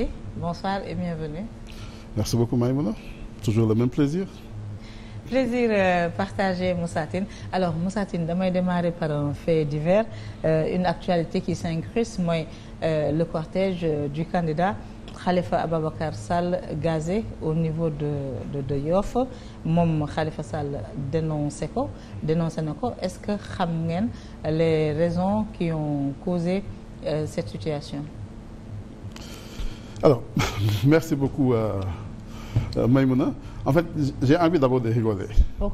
Cissé bonsoir et le même plaisir. plaisir euh, partagé alors Moussa Tine damay démarrer par un fait divers euh, une actualité qui s'incruste mooy euh, le cortège euh, du candidat Khalifa Ababacar Sall gazé au niveau de de de moom Khalifa Sall dénoncé ko ko est-ce que xam ngeen les raisons qui ont causé euh, cette situation. alors merci beaucoup may euh, euh, Maïmouna en fait j'ai envie d'abord de rigoler. Euh,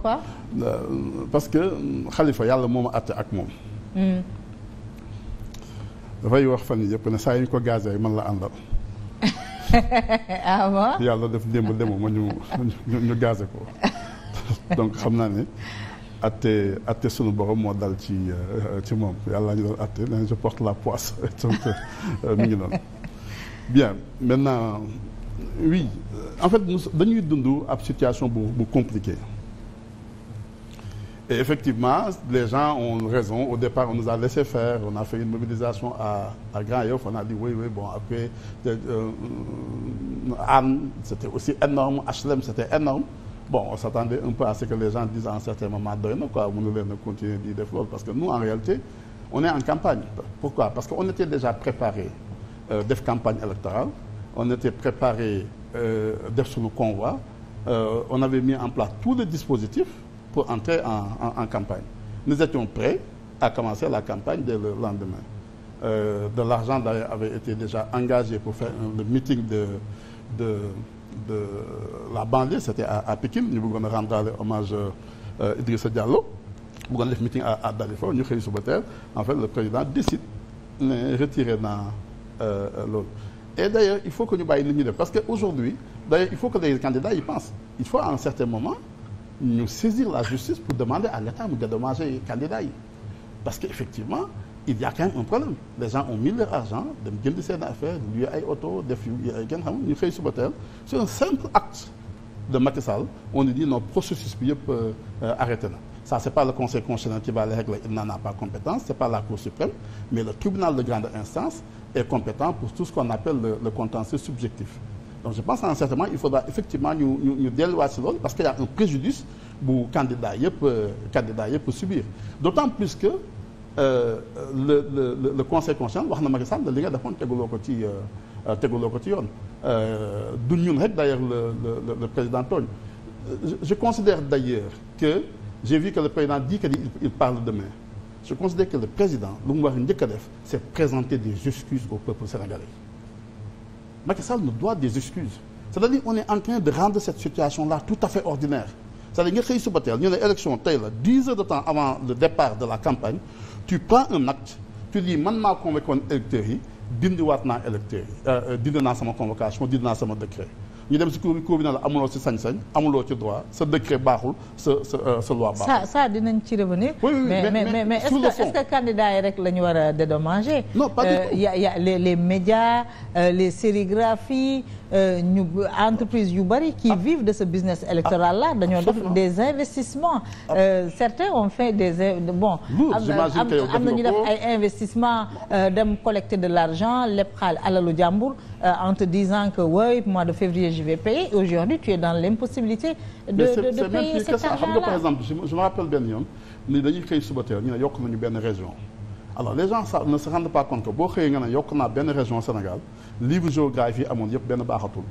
parce que xalifa yàlla moom ma àtte ak moom. Hmm. dafay wax fan yii yëpp ne saa yu ñu ko gazee man la àndal. ah bon. yàlla def démb demo ma ñu ñu ñu ko donc xam naa ne. atte atte sunu borom moo dal ci euh, ci moom yàlla ñu doon atte je porte la poisse donc mi ngi noonu. bien maintenant oui en fait dañuy dund ab situation bu bu compliquée et effectivement les gens ont raison au départ on nous a laissé faire on a fait une mobilisation à à Grand Yoff on a dit oui oui bon après euh, euh, Anne c'était aussi énorme HLM c'était énorme bon on s'attendait un peu à ce que les gens disent à un certain moment doy na quoi mënu leen a continuer di def loolu parce que nous on est en campagne pourquoi parce que on était déjà préparé Euh, def campagne électorale on était préparé euh, def suñu convoi euh, on avait mis en place tous les dispositifs pour entrer en, en, en campagne nous étions prêts à commencer la campagne dès le lendemain euh, de l'argent d'ailleurs avait été déjà engagé pour faire le meeting de de de la banlieue c'était à, à Pikine ñu bëggoon a rendre hommage euh, Idrissa Diallo bëggoon def meeting à à Dalifort ñu xëy suba teel en le président décide ne retiré Euh, euh, loolu et d' ailleurs il faut que ñu bàyyi li ñuy def parce que aujourd'hui d' ailleurs il faut que les candidats y pensent il faut à un certain moment ñu saisir la justice pour demander à l'état mu dédommager candidats yi parce effectivement il y a quand même un problème les gens ont mis leur argent dem jëndi seen affaire luy ay oto de yu ay kenn xam ñu xëy suba teel c'est un simple acte de Macky Sall on nous dit non processus bi yëpp euh, arrêté na ça c'est pas le conseil constitutionnel qui va les régler la cour suprême est compétent pour tout ce qu'on appelle le, le contentieux subjectif. donc je pense en certainement il faudra effectivement ñu ñu ñu delluwaat si loolu parce que y' a un préjudice bu candidat yëpp euh, candidat yëpp subir d' autant plus que euh, le le conseil constitutionnel wax na Macky Sall li nga defoon teguloo ko ci euh, euh, teguloo ko ci yoon du ñun rek d' le président ton je, je considère d' ailleurs que j'ai vu que le président dit que il, il demain je considère que le président lu mu war a njëkk a def c'est présenter des excuses au peuple sénégalais Macky nous doit des excuses c'est-à-dire on est en train de rendre cette situation-là tout à fait ordinaire c'est-à-dire nga xëy suba teel ñu ne élection tey la dix heures de temps avant le départ de la campagne tu prends un acte tu dis man maa convoqué woon électeurs yi dindiwaat naa électeurs yi euh, euh, dindi naa sama convocation dindi naa sama décret ñu dem si cour cour bi na la amuloo si sañ-sañ amuloo ci droit sa décret baaxul sa sa euh, sa loi baaxul. ça ça dinañ ci revenir. oui mais mais mais est-ce que est-ce yi rek la ñu war a dédommager. non pas du euh, tout y a y a les les médias euh, les Euh, ñu entreprise yu bari qui ah. vivent de ce business ah. électoral là dañoo def des investissements ah. euh, certains ont fait des bon am nañu def ay investissement euh, dem collecter de l'argent lépp xaal alalu jàmbur en te disant que mois de février je vais payer aujourd'hui tu es dans l'impossibilité de de payer cet argent là par exemple je me rappelle benn yoon ni dañuy xëy suba teel ñu ne yokk nañu région alors les gens ça ne se rendent pas compte que boo xëyee nga ne yokk naa benn région Sénégal livre géographie amoon yëpp benn baaxatul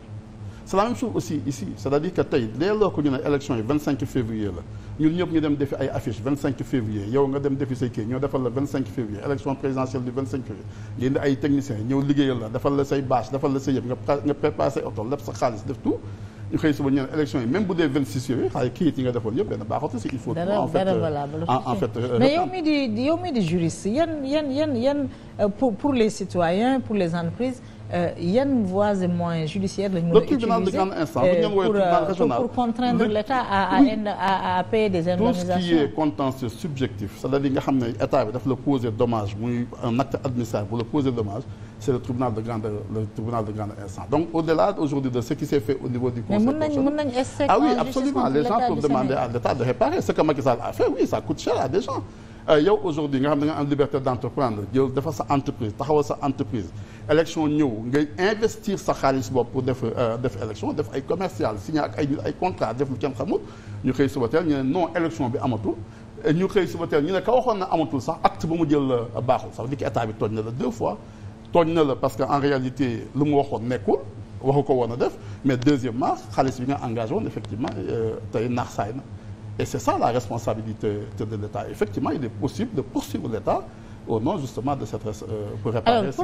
c'est la aussi ici c'est-à-dire que tey dès lors que ñu ne élection yi 25 février la ñun ñëpp ñu dem defi ay affiche 25 février yow nga dem defi say kii ñoo defal la 25 février élection présidentielle du 25 février ngeen di ay techniciens ñëw liggéeyal la defal la say bâche defal la say yëpp nga ñu xëy suba ñu ne élection yi même bu dee 26 yooyu xaaral kayit yi nga defoon yëpp si il faut. dara dara euh, valable en fait euh, mais yow mi di yow mi di juriste yan yan yan yan euh, pour pour les citoyens pour les entreprises. yan voies et moyens judiciaires lañu mën a utiliser le tribunal de grande instance bu ñu leen wooyee tribunal pour contraindre l'État à payer des indemnisations. tout ce qui est contentieux subjectif c'est-à-dire nga xam ne état bi daf la poser dommage mu un acte administratif bu la poser dommage. c'est le tribunal de grande le tribunal de grande instance donc au-delà aujourd'hui de ce qui s'est fait au niveau du conseil constitutionnel ah oui absolument les gens peuvent à l'État de réparer ce que Macky Sall a fait oui ça cher à des gens euh, yow aujourd'hui nga xam ne da liberté d'entreprendre yow defar sa entreprise taxawal sa entreprise élection ñëw ngay investir sa xaalis bop pour def euh, def élection def ay commercial signé ay ay contrat def lu kenn xamul ñu xëy suba teel ñu ne non élection bi amatul euh, ñu xëy ñu ne waxoon na amatul sax acte ba mu jël baaxul sax li ko état bi fois tooñ na la parce que en réalité lu mu waxoon nekk waxu ko woon a def mais deuxièmement xaalis bi nga engagé woon effectivement euh, tey naax saay na et c'est ça la responsabilité de l'État effectivement il est possible de poursuivre l'État au nom justement de cette euh, pour réparer